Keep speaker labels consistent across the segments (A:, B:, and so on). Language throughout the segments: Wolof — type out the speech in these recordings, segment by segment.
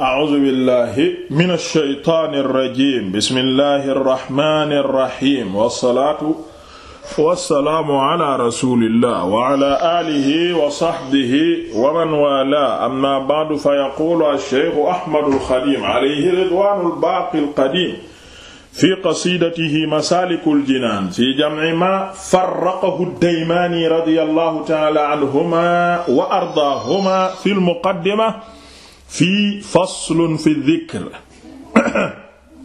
A: a'uuzu billahi mina shaytaani rajiim bismillahi rahmaani rahiim wasalaatu wasalaamu ala rasulillah wa ala aalihi wa sahbihi wa man waalaahu amma ba'du fa yaquulu ash-shaykhu Ahmadu al-Xadiim alayhi ridwaanu al-baaqi al-qadiim fi qasiidatihi masaaliku al-jinaan fi jam'i maa farraqahu ad-Daymaani radiyallahu ta'aala anhumaa wa ardaahumaa fil muqaddima fii faslun fi dhikr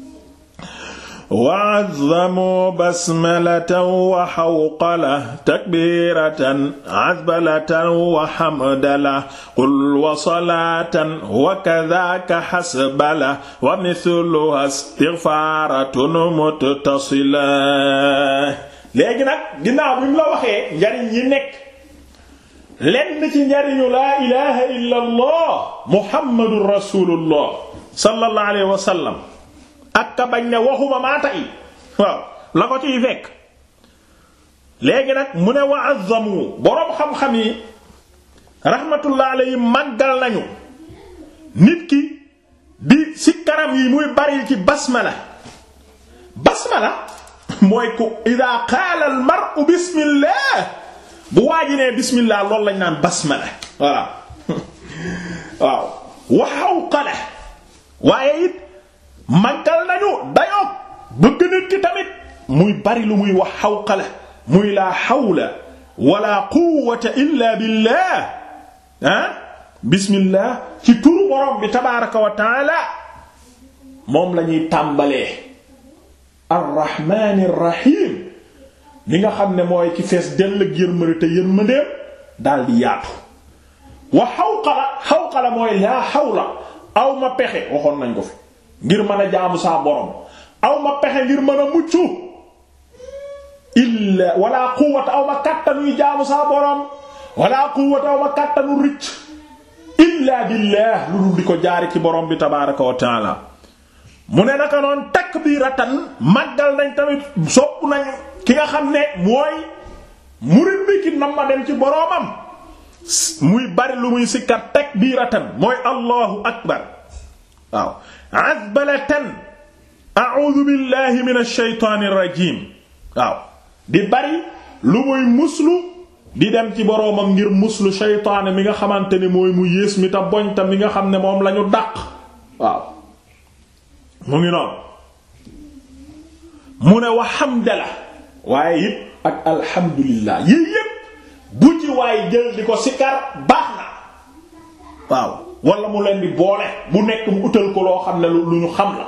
A: waazzamu basmalatan wa xawqala takbiratan azbalatan wa xamdala qul wa salaatan wa kadaka xasbala wa mithluha istigfaaratun muttasila léegi nag ginnaaw bi mu la waxee njariñ yi nekk lenn ci njariñu laa ilaha illa allah muhammadu rasulullah sallallahu alayhi wa sallam bañ ne waxuma maa tey waaw la ko ciy fekk léegi nag mu ne wa azzamu boroom xam-xam yi rahmatullah alayhi màggal nañu nit ki di si karam yi muy bari ci basmala basmala mooy ku ida qaala al bismillah bu waaji nee bismillah loolu lañ naan basmala voilà waaw waxaw xale waaye it màggal nañu dayoo bëgg nit ki muy bari muy wax xawqala muy laa xawl wala quwwata illa billah ah bismillah ci turu borom bi tabaraka wa taala moom la ñuy tàmbalee arrahmanir li nga xam ne mooy ki fees dell ak yërmande te yërmandeem daal di yaatu wa xaw xawqala mooy laa xawla aw ma pexe waxoon nañ ko fi ngir mën a jaamu saa borom aw ma pexe ngir mën a mucc illa wala quwwata aw ma kàttanuy jaamu saa borom wala quwwata aw ma kàttanu ricc illa billah lu dul di ko jaari ci borom bi tabaaraka wa mu ne naka noon takbiratan màggal nañ tamit sopp nañ ki nga xam ne mooy murid bi ki nam ma dem ci boroomam muy bari lu muy sikkat takbiratan mooy allahu akbar waaw azbalatan a'udhu billahi minash shaytanir rajim waaw di bari lu muy muslu di dem ci boroomam ngir muslu shaytaane mi nga xamante ne mooy mu yées mi ta boñta mi nga xam ne moom lañu dàq waaw mu ngi noonu mu ne wa hamdala waaye yépp ak alhamdulillah yii yépp bu ci waaye jël di ko sikar baax na waaw wala mu leen di boole bu nekk mu utal ko loo xam ne lu ñu xam la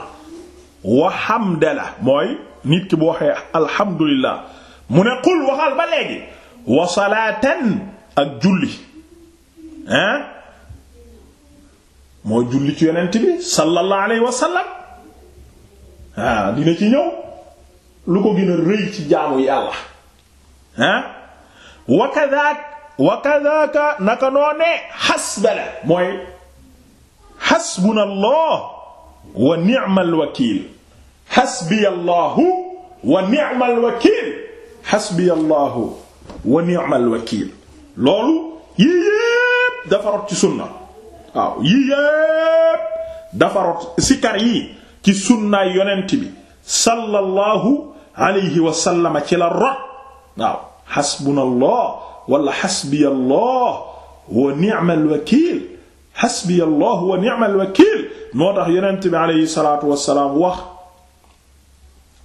A: wa hamdala mooy nit ki bu waxee alhamdulillah mu ne qul waxal ba léegi wa ak julli hein mooy julli ci yonent bi sallallahu alayhi wa ah dina ci ñëw lu ko gën a rëy ci jaamu yàlla ah wakadaak wakadaaka naka noonee xasbala mooy xasbuna allah wa ni'mal wakiil xasbiya allahu wa ni'mal wakiil loolu yii dafa rot sunna waaw dafa rot sikar ci sunnaay yonent bi sallallahu alayhi wa ci la rot waaw xasbunallah wala xasbiyallah wa ni'mal wakiil xasbiyallah wa ni'mal bi alayhi salaatu wa wax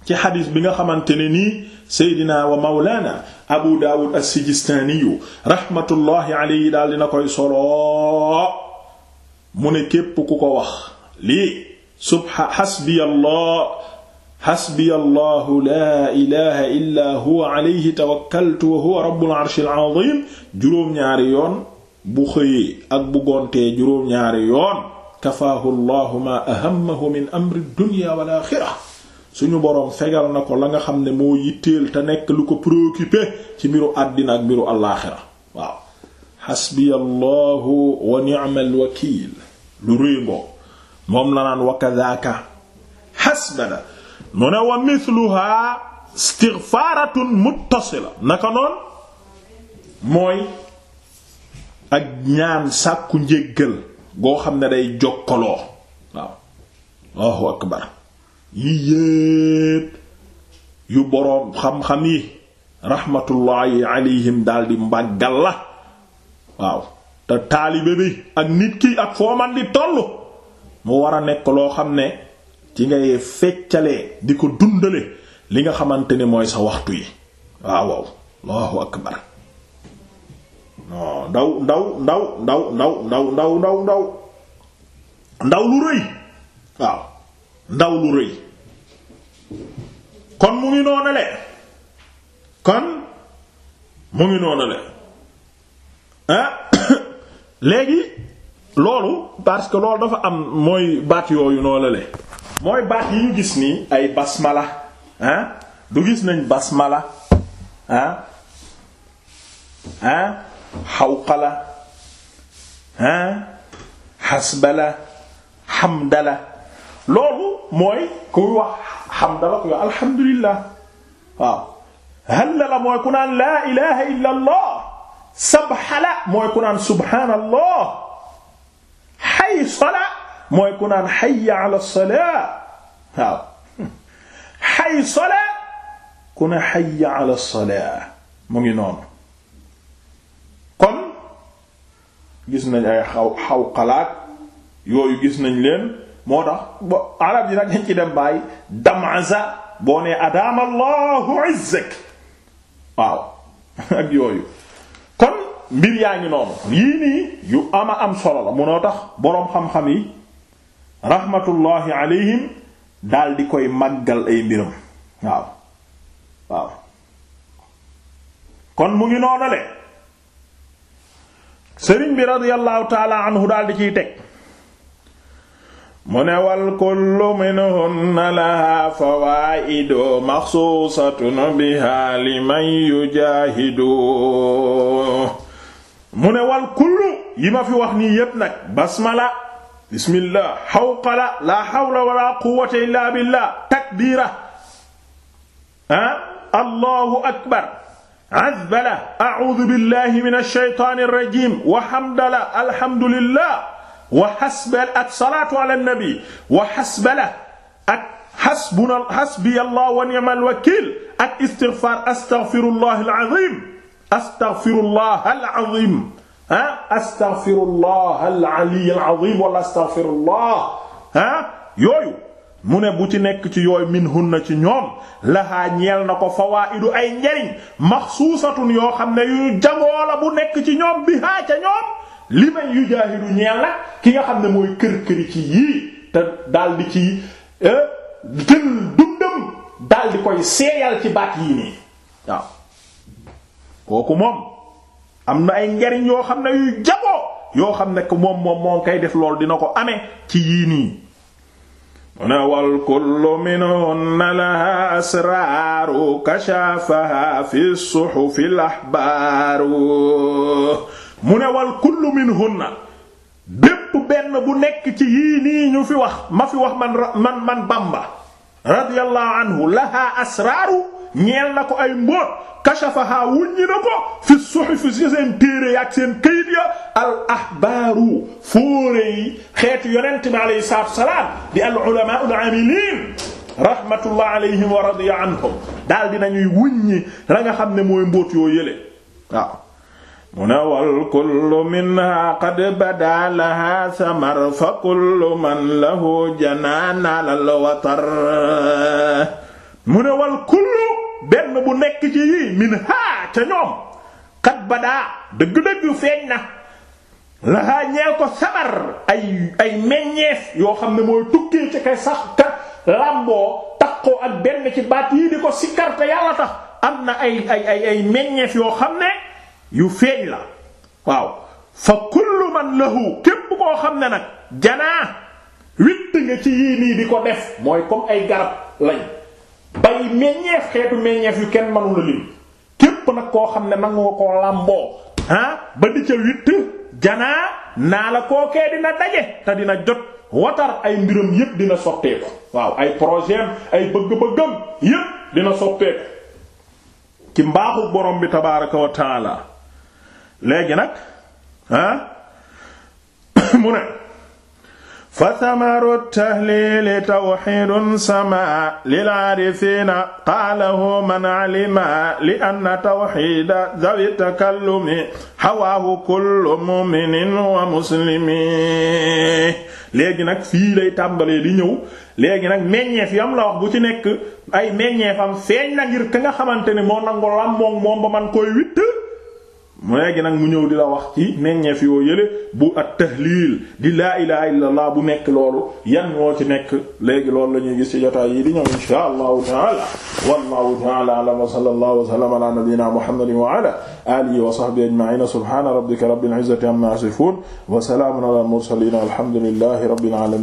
A: ci xadis bi nga xamante ni nii Seydina wa Mawlana Abu Dawud as-Sijistaaniyu rahmatullahi alayhi daal dina koy solo mu ne képp ku ko wax lii. subha xasbiya allah xasbiya allahu laa huwa alayhi tawakkaltu wa huwa rabbul juróom-ñaari yoon bu xëyee ak bu juróom-ñaari yoon kafaahu allahu ma ahammahu min amri dunya wal axira suñu boroom fegal na ko la nga xam ne moo yitteel te nekk lu ko préoccupé ci mbiru àddina ak mbiru alaaxira waaw xasbiya allahu wa ni'mal wakiil lu réy moom la naan wa kadaka hasbada mu ne wa mithluha istighfaratun muttasila naka noon mooy ak ñaan sàkku njéggal goo xam ne day jokkaloo waaw Allahu akbar yii yu boroom xam-xam yi rahmatullahi alayhim daldi mbàggal la waaw te taalibe bi ak nit ki ak foo man di tollu mu war a nekk loo xam ne ci ngay feccalee di ko dundale li nga xamante ni mooy sa waxtu yi waaw waaw Allahu akbar non ndaw ndaw ndaw ndaw ndaw ndaw ndaw ndaw lu rëy waaw ndaw lu rëy kon mu ngi noonale kon mu ngi noonale ah, léegi loolu parce que loolu dafa am mooy baat yooyu noonu mooy baat yi ñu gis nii ay basmala ah du gis nañ basmala ah ah xawqala xamdala loolu mooy kuy wax xamdala kuy wax alhamdulillah hallala mooy ku naan laa ilaha illa allah sabhala mooy ku naan subhaanallah ay salaa mooy ku naan hayya ala salaa waaw hay ku ne hayya ala salaa mu ngi noonu kon gis nañ ay xaw xaw xalaat yooyu gis nañ leen moo tax ba yi nag dañ ci dem bàyyi damaza boo nee adaam allahu izzak waaw yooyu mbir yaa ngi noonu yii nii yu ama am solo la munoo tax boroom xam-xam yi rahmatullahi alayhim daal di koy màggal ay mbiram waaw waaw kon mu ngi noonale sëriñ bi radiyallahu taala anhu daal di ciy teg mu ne wal kullu minhunna laha fawaa'idu maxsuusatun biha liman yujaahidu mu ne wal kullu yi ma fi wax nii yépp nag basmala bismillah xawqala la hawla wala quwwata illa billah takbira ah allahu akbar azbala a'udhu billahi minash shaytaanir rajiim wa hamdala alhamdulillah wa hasbal ak salaatu ala nabi wa hasbala ak hasbuna hasbiya allah wa ni'mal wakiil ak istighfar astaghfirullah al-azim astaghfirullah al-azim ah astaghfirullah al yooyu mu ne bu ci nekk ci yooyu min ci ñoom lahaa ñeel na ko fawaa'idu ay njariñ maxsuusatun yoo xam ne yu jamoo la bu nekk ci ñoom bi haa ca ñoom li may yujaahidu ñeel nag ki nga xam ne mooy kër këri ci yii te daal ci eh, jël dundam koy seeyal ci baat yii nii waaw kooku moom am na ay njariñ yoo xam ne yuy jaboo yoo xam ne moom moom moo koy def lool dina ko amee ci yii nii mu ne wal kullu minhunna laha asraaru kashafaha fi suhufi lahbaaru mu ne wal kullu minhunna bépp benn bu nekk ci yii ñu fi wax ma fi wax man man man Bamba radiyallahu anhu laha asraaru ñeel nako ko ay mbóot kashafaha wuññi na ko fi suhuf ci seen téere yaak seen al ahbaaru fóore yi xeetu yonent bi al ulamaa al amiliin rahmatullah alayhim wa radiya anhum daal dinañuy wuññi la nga xam ne mooy mbóot yoo yële waaw mu ne wal kullu minha qad bada laha samar fa kullu man lahu janaan alal watar benn bu nekk ci yii min haa ca ñoom kat ba daa dëgg-dëgg feeñ na lahaa ñeel ko sabar ay ay meññeef yoo xam ne mooy tukkee ci kay sax ka làmboo takkoo ak benn ci baat yii di ko sikkar te yàlla tax am na ay ay ay meññeef yoo xam ne yu feeñ la waaw fa kullu man lahu képp koo xam ne nag janaa witt nga ci yii nii di ko def mooy comme ay garab lañ bay meññeef xeetu meññeef yu kenn mënu la lim képp nag koo xam ne nangoo koo làmboo ah ba di ca witt janaa naa la kookee dina daje te dina jot watar ay mbiram yépp dina sotteeku waaw ay projet ay bëgg-bëggam yépp dina sotteeku ci mbaaxu borom bi tabaaraka wa taala léegi nag ah mu ne fa tamaru tahlili tawxidun sama lilaarifiina qaalahu man alima li anna tawxida dawi takallumi hawaahu kullu muminin wa muslimi léegi nag fii lay tàmbalee di ñëw léegi nag meññeef yam la wax bu ci nekk ay meññeefam feeñ na ngir ka nga xamante ne moo nangu ba man koy witt mu léegi nag mu ñëw di la wax ci meññeef yoo yële bu at tahliil di la ilaha illa allah bu nekk loolu yan ñoo ci nekk léegi loolu la ñuy gis ci jotaay yi di ñëw insha allahu taala wallahu taala alam wa sallallahu wa sallama ala nabiyyina muhammadin wa ala alihi wa sahbihi ajma'in subhana rabbika rabbil